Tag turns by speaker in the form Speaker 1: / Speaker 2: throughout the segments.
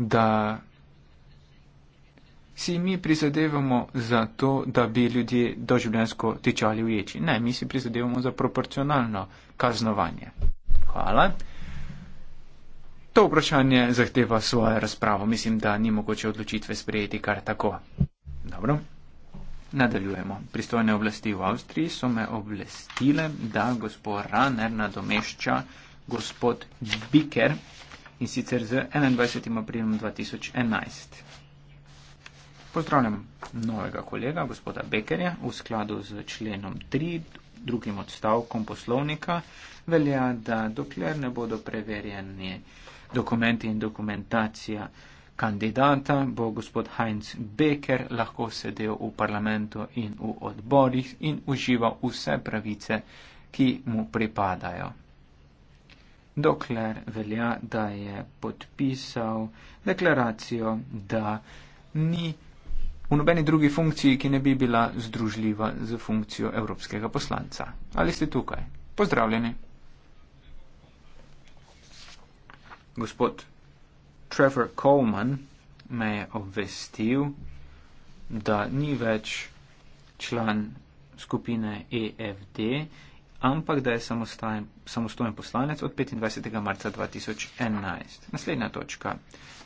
Speaker 1: da si mi prizadevamo za to, da bi ljudje doživljensko tičali v ječi. Ne, mi si prizadevamo za proporcionalno kaznovanje. Hvala. To vprašanje zahteva svojo razpravo. Mislim, da ni mogoče odločitve sprejeti kar tako. Dobro. Nadaljujemo. Pristojne oblasti v Avstriji so me oblestile, da gospod Raner nadomešča gospod Biker in sicer z 21. aprilom 2011. Pozdravljam novega kolega, gospoda Bekerja, v skladu z členom 3, drugim odstavkom poslovnika, velja, da dokler ne bodo preverjeni dokumenti in dokumentacija kandidata, bo gospod Heinz Beker lahko sedel v parlamentu in v odborih in užival vse pravice, ki mu pripadajo dokler velja, da je podpisal deklaracijo, da ni v nobeni drugi funkciji, ki ne bi bila združljiva z funkcijo evropskega poslanca. Ali ste tukaj? Pozdravljeni. Gospod Trevor Coleman me je obvestil, da ni več član skupine EFD, ampak da je samostojen, samostojen poslanec od 25. marca 2011. Naslednja točka.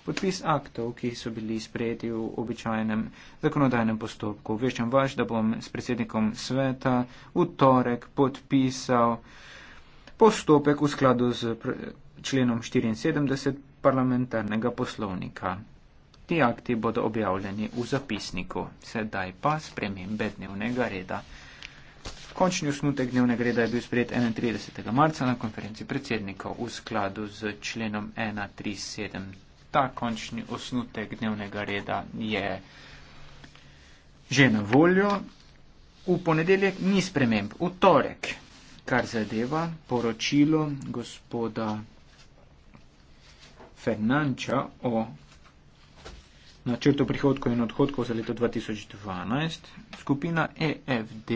Speaker 1: Podpis aktov, ki so bili sprejeti v običajnem zakonodajnem postopku. Veščam vaš, da bom s predsednikom sveta v torek podpisal postopek v skladu z členom 74 parlamentarnega poslovnika. Ti akti bodo objavljeni v zapisniku. Sedaj pa spremembe dnevnega reda. Končni osnutek dnevnega reda je bil sprejet 31. marca na konferenci predsednikov v skladu z členom 137. Ta končni osnutek dnevnega reda je že na voljo. V ponedeljek ni sprememb. V torek, kar zadeva poročilo gospoda Fernanča o načrtu prihodkov in odhodkov za leto 2012. Skupina EFD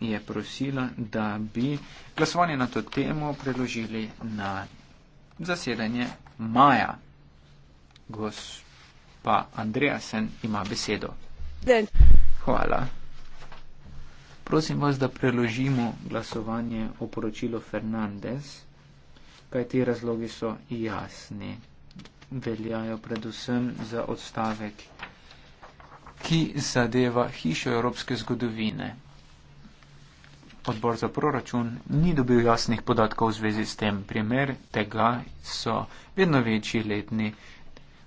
Speaker 1: je prosila, da bi glasovanje na to temo preložili na zasedanje maja. Gospa Andreasen ima besedo. Den. Hvala. Prosim vas, da preložimo glasovanje o poročilu Fernandez, kaj ti razlogi so jasni veljajo predvsem za odstavek, ki zadeva hišo evropske zgodovine. Odbor za proračun ni dobil jasnih podatkov v zvezi s tem. Primer tega so vedno večji letni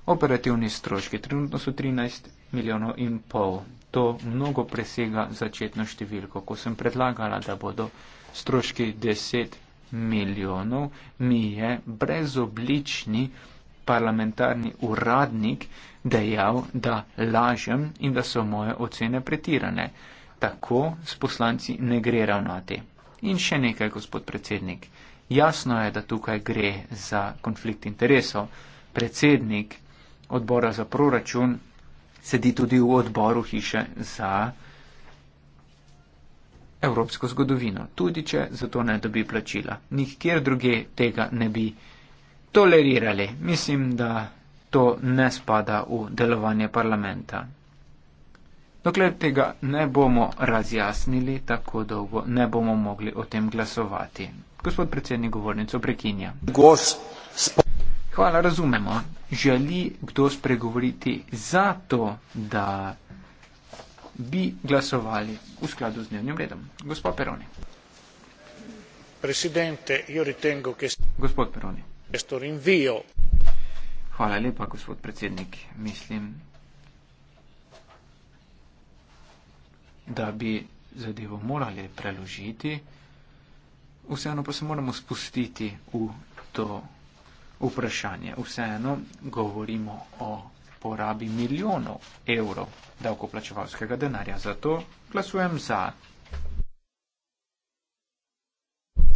Speaker 1: operativni stroški. Trenutno so 13 milijonov in pol. To mnogo presega začetno številko. Ko sem predlagala, da bodo stroški 10 milijonov, mi je brezoblični parlamentarni uradnik dejal, da lažem in da so moje ocene pretirane. Tako s poslanci ne gre ravnati. In še nekaj, gospod predsednik. Jasno je, da tukaj gre za konflikt interesov. Predsednik odbora za proračun sedi tudi v odboru hiše za evropsko zgodovino, tudi če za to ne dobi plačila. Nikjer druge tega ne bi tolerirali. Mislim, da to ne spada v delovanje parlamenta. Dokler tega ne bomo razjasnili, tako dolgo ne bomo mogli o tem glasovati. Gospod predsednik govornico prekinja. Hvala, razumemo. Želi kdo spregovoriti za to, da bi glasovali v skladu z dnevnim redom. Gospod Peroni. Presidente, io ritengo che... Gospod Peroni investor in vijo. Hvala lepa, gospod predsednik. Mislim, da bi zadevo morali preložiti. Vseeno pa se moramo spustiti v to vprašanje. Vseeno govorimo o porabi milijonov evrov davkoplačevalskega denarja. Zato glasujem za.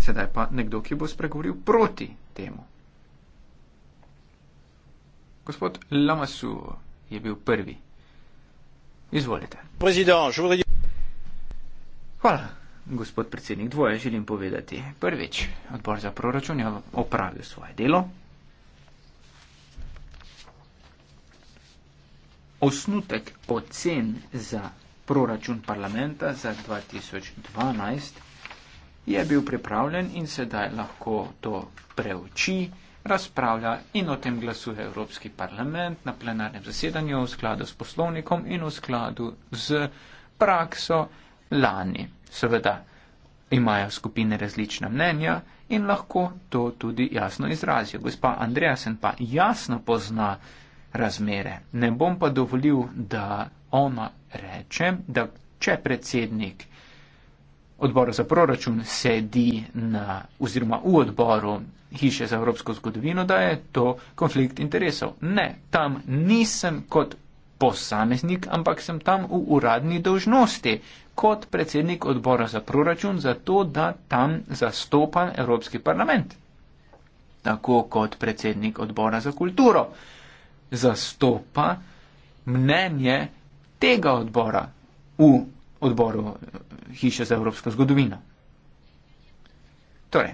Speaker 1: Sedaj pa nekdo, ki bo spregovoril proti temu. Gospod Lamasu je bil prvi. Izvolite. Hvala, gospod predsednik. Dvoje želim povedati. Prvič, odbor za proračun je opravil svoje delo. Osnutek ocen za proračun parlamenta za 2012 je bil pripravljen in sedaj lahko to preuči razpravlja in o tem glasuje Evropski parlament na plenarnem zasedanju v skladu s poslovnikom in v skladu z prakso lani. Seveda imajo skupine različna mnenja in lahko to tudi jasno izrazijo. Gospa Andreasen pa jasno pozna razmere. Ne bom pa dovolil, da ona reče, da če predsednik odboru za proračun sedi na, oziroma v odboru hiše za evropsko zgodovino, da je to konflikt interesov. Ne, tam nisem kot posameznik, ampak sem tam v uradni dožnosti kot predsednik odbora za proračun, zato da tam zastopam Evropski parlament. Tako kot predsednik odbora za kulturo zastopa mnenje tega odbora v odboru Hiše za evropsko zgodovino. Torej,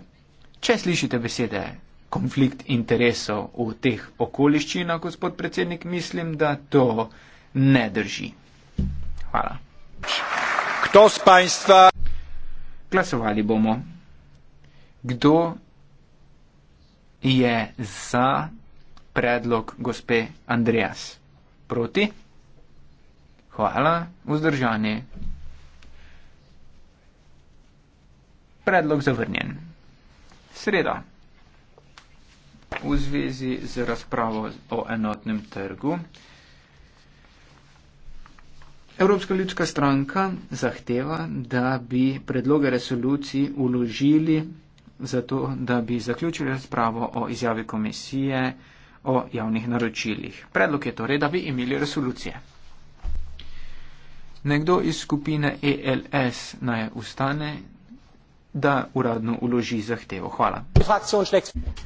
Speaker 1: če slišite besede konflikt interesov v teh okoliščinah, gospod predsednik, mislim, da to ne drži. Hvala. Kdo z panjstva? Glasovali bomo. Kdo je za predlog gospe Andreas? Proti? Hvala, vzdržanje. predlog zavrnjen. Sreda. V zvezi z razpravo o enotnem trgu. Evropska ljudska stranka zahteva, da bi predloge resolucij uložili zato, da bi zaključili razpravo o izjavi komisije o javnih naročilih. Predlog je torej, da bi imeli resolucije. Nekdo iz skupine ELS naj ustane, da uradno uloži zahtevo. Hvala.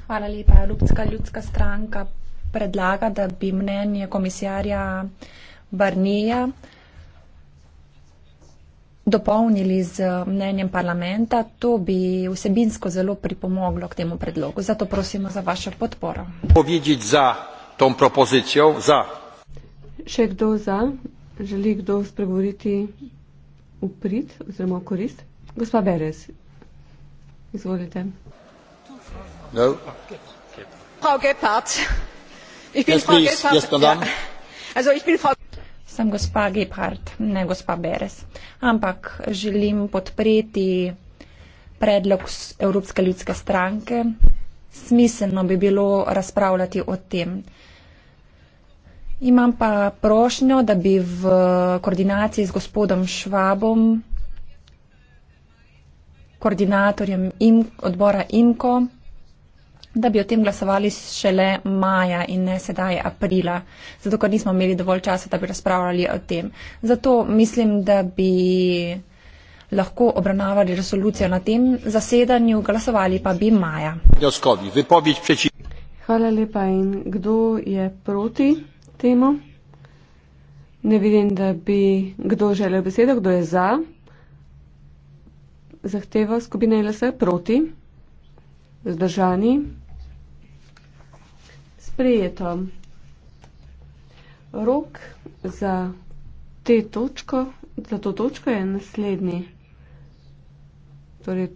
Speaker 2: Hvala lepa. Ljubska ljudska stranka predlaga, da bi mnenje komisarja Barnija dopolnili z mnenjem parlamenta. To bi vsebinsko zelo pripomoglo k temu predlogu. Zato prosimo za vašo podporo. Povedeti za tom propozicijo, za. Še
Speaker 3: kdo za? Želi kdo spregovoriti v prid oziroma v korist? Gospa Beres, Izvolite.
Speaker 1: No.
Speaker 2: Frau Gebhardt.
Speaker 3: Ich bin yes, Frau Gebhardt. Yes, ja.
Speaker 2: Also ich bin Frau Sem gospa Gebhardt, ne gospa Beres. Ampak želim podpreti predlog Evropske ljudske stranke. Smiselno bi bilo razpravljati o tem. Imam pa prošnjo, da bi v koordinaciji z gospodom Švabom koordinatorjem im, odbora IMKO, da bi o tem glasovali šele maja in ne sedaj aprila, zato ker nismo imeli dovolj časa, da bi razpravljali o tem. Zato mislim, da bi lahko obravnavali resolucijo na tem zasedanju, glasovali pa bi maja. Hvala lepa in kdo je proti temu?
Speaker 3: Ne vidim, da bi kdo želel besedo, kdo je za zahtevo skupine LS proti, zdržani, sprejeto. Rok za, te točko, za to točko je naslednji. Torej,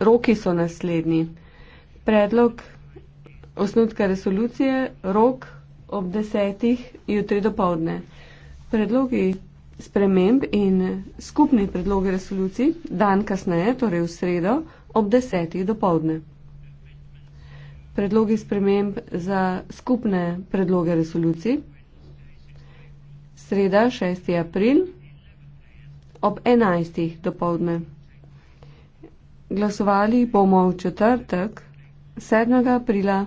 Speaker 3: roki so naslednji. Predlog osnutka resolucije, rok ob desetih jutri do povdne. Predlogi sprememb in skupni predlog resolucij dan kasneje, torej v sredo, ob desetih do povdne. Predlogi sprememb za skupne predloge resolucij sreda 6. april ob 11. do povdne. Glasovali bomo v četrtek 7. aprila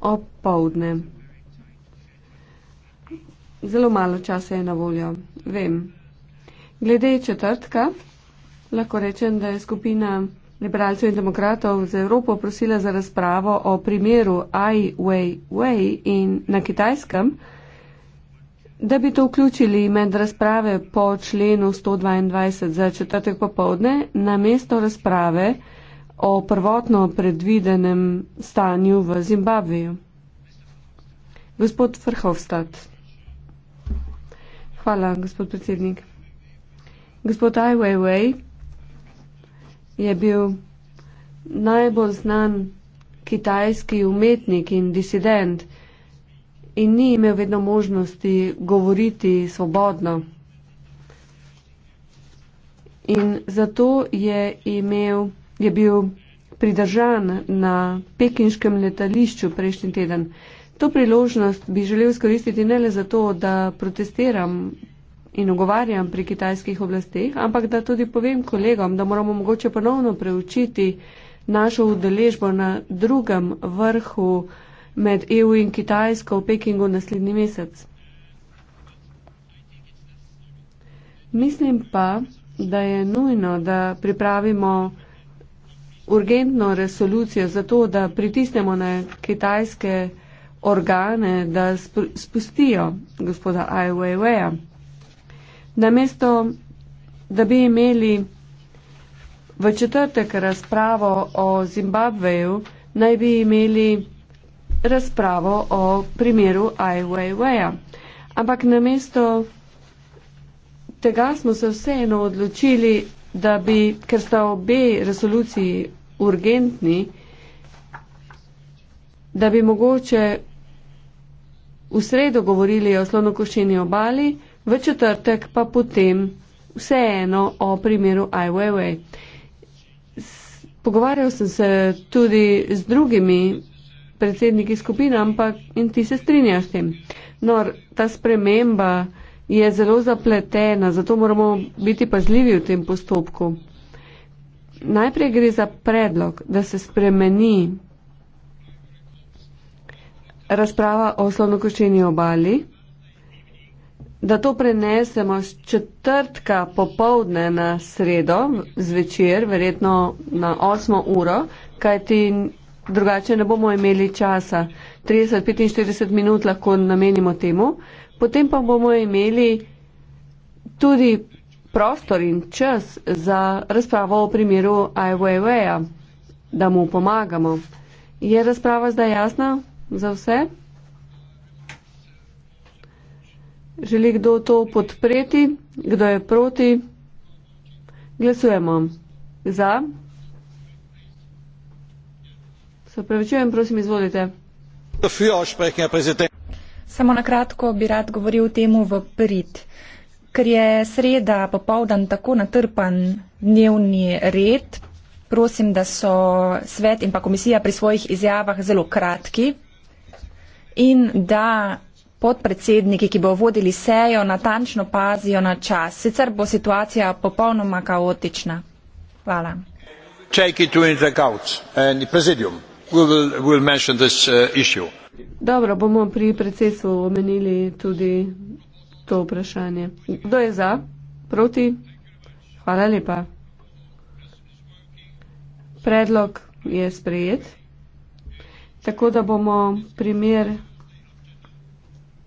Speaker 3: ob povdne zelo malo časa je na voljo, vem. Glede četrtka, lahko rečem, da je skupina liberalcev in demokratov z Evropo prosila za razpravo o primeru Ai Weiwei in na kitajskem, da bi to vključili med razprave po členu 122 za četrtek popovdne na mesto razprave o prvotno predvidenem stanju v Zimbabveju. Gospod Vrhovstad. Hvala, gospod predsednik. Gospod Ai Weiwei je bil najbolj znan kitajski umetnik in disident in ni imel vedno možnosti govoriti svobodno. In zato je, imel, je bil pridržan na pekinškem letališču prejšnji teden. To priložnost bi želel izkoristiti ne le zato, da protestiram in ogovarjam pri kitajskih oblasteh, ampak da tudi povem kolegom, da moramo mogoče ponovno preučiti našo udeležbo na drugem vrhu med EU in Kitajsko v Pekingu naslednji mesec. Mislim pa, da je nujno, da pripravimo urgentno resolucijo za to, da pritisnemo na kitajske organe, da spustijo gospoda Ai Weiweja. Namesto, da bi imeli v četrtek razpravo o Zimbabveju, naj bi imeli razpravo o primeru Ai Weiweja. Ampak namesto tega smo se vseeno odločili, da bi, ker sta obe resoluciji urgentni, da bi mogoče v sredo govorili o slonokošini obali, v četrtek pa potem vseeno o primeru Ai Weiwei. Pogovarjal sem se tudi z drugimi predsedniki skupin, ampak in ti se strinjaš s tem. No, ta sprememba je zelo zapletena, zato moramo biti pazljivi v tem postopku. Najprej gre za predlog, da se spremeni razprava o slonokoščeni obali, da to prenesemo z četrtka popovdne na sredo zvečer, verjetno na 8 uro, kajti drugače ne bomo imeli časa. 30-45 minut lahko namenimo temu, potem pa bomo imeli tudi prostor in čas za razpravo o primeru Ai Weiwei, da mu pomagamo. Je razprava zdaj jasna? za vse. Želi kdo to podpreti, kdo je proti? Glasujemo
Speaker 2: za. Se pravičujem, prosim, izvolite. Samo na kratko bi rad govoril temu v prid. Ker je sreda popovdan tako natrpan dnevni red, prosim, da so svet in pa komisija pri svojih izjavah zelo kratki, in da podpredsedniki, ki bo vodili sejo, natančno pazijo na čas. Sicer bo situacija popolnoma kaotična. Hvala. Uh,
Speaker 3: Dobro, bomo pri predsedstvu omenili tudi to vprašanje. Kdo je za? Proti? Hvala lepa. Predlog je sprejet. Tako da bomo primer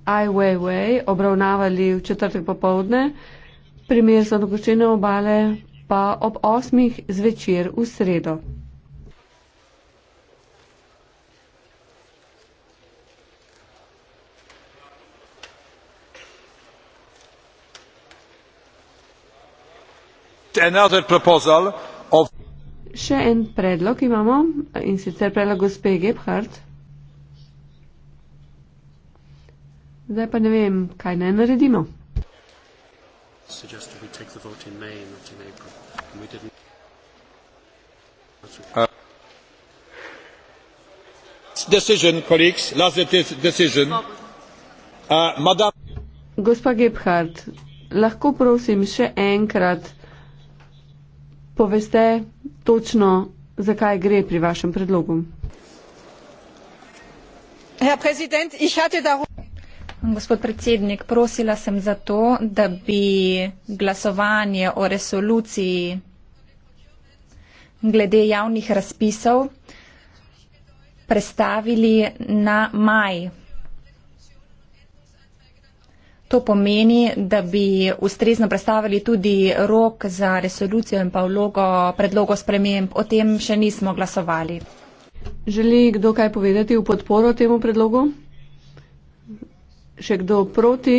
Speaker 3: Ai Weiwei obravnavali v četrtek popovdne, primer za dogočene obale pa ob osmih zvečer v sredo.
Speaker 2: Another proposal
Speaker 3: še en predlog imamo in sicer predlog gospe Gebhardt. Zdaj pa ne vem, kaj naj naredimo.
Speaker 1: Decision, colleagues, last decision. Uh,
Speaker 3: Gospa Gebhardt, lahko prosim še enkrat poveste točno, zakaj gre pri vašem predlogu.
Speaker 2: Gospod predsednik, prosila sem za to, da bi glasovanje o resoluciji glede javnih razpisov prestavili na maj. To pomeni, da bi ustrezno predstavili tudi rok za resolucijo in pa vlogo predlogo sprememb. O tem še nismo glasovali. Želi kdo kaj povedati
Speaker 3: v podporo temu predlogu?
Speaker 2: Še kdo proti?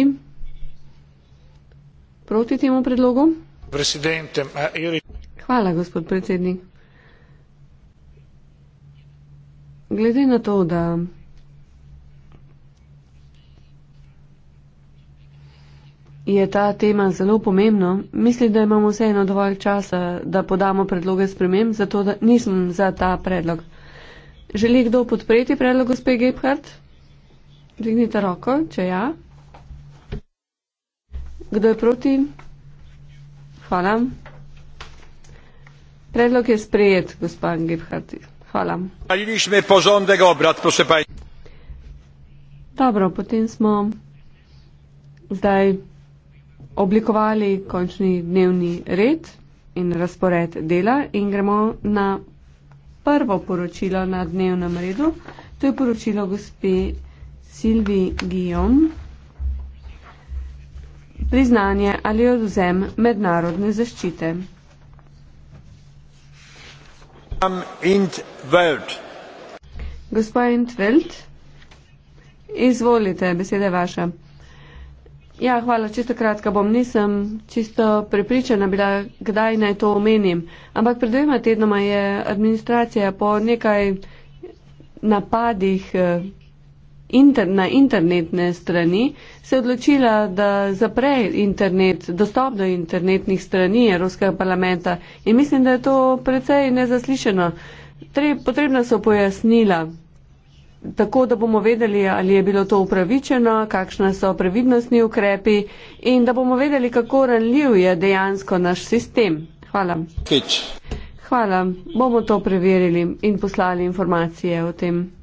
Speaker 3: Proti temu predlogu? Hvala, gospod predsednik. Glede na to, da je ta tema zelo pomembna. Mislim, da imamo vseeno dovolj časa, da podamo predloge sprememb, zato da nisem za ta predlog. Želi kdo podpreti predlog gospe Gebhardt? Dignite roko, če ja. Kdo je proti? Hvala. Predlog je sprejet, gospa Gebhardt. Hvala.
Speaker 1: Naredišme pozondega obrat, proste pa.
Speaker 3: Dobro, potem smo zdaj oblikovali končni dnevni red in razpored dela in gremo na prvo poročilo na dnevnem redu. To je poročilo gospe Silvi Gijom. Priznanje ali odvzem mednarodne zaščite. Gospa Intveld, izvolite, beseda je vaša. Ja, hvala, čisto kratka bom. Nisem čisto prepričana bila, kdaj naj to omenim. Ampak pred dvema tednoma je administracija po nekaj napadih eh, inter, na internetne strani se odločila, da zapre internet, dostop do internetnih strani Evropskega parlamenta. In mislim, da je to precej nezaslišeno. Tre, potrebna so pojasnila tako da bomo vedeli, ali je bilo to upravičeno, kakšne so previdnostni ukrepi in da bomo vedeli, kako ranljiv je dejansko naš sistem. Hvala. Kič. Hvala. Bomo to preverili in poslali informacije o tem.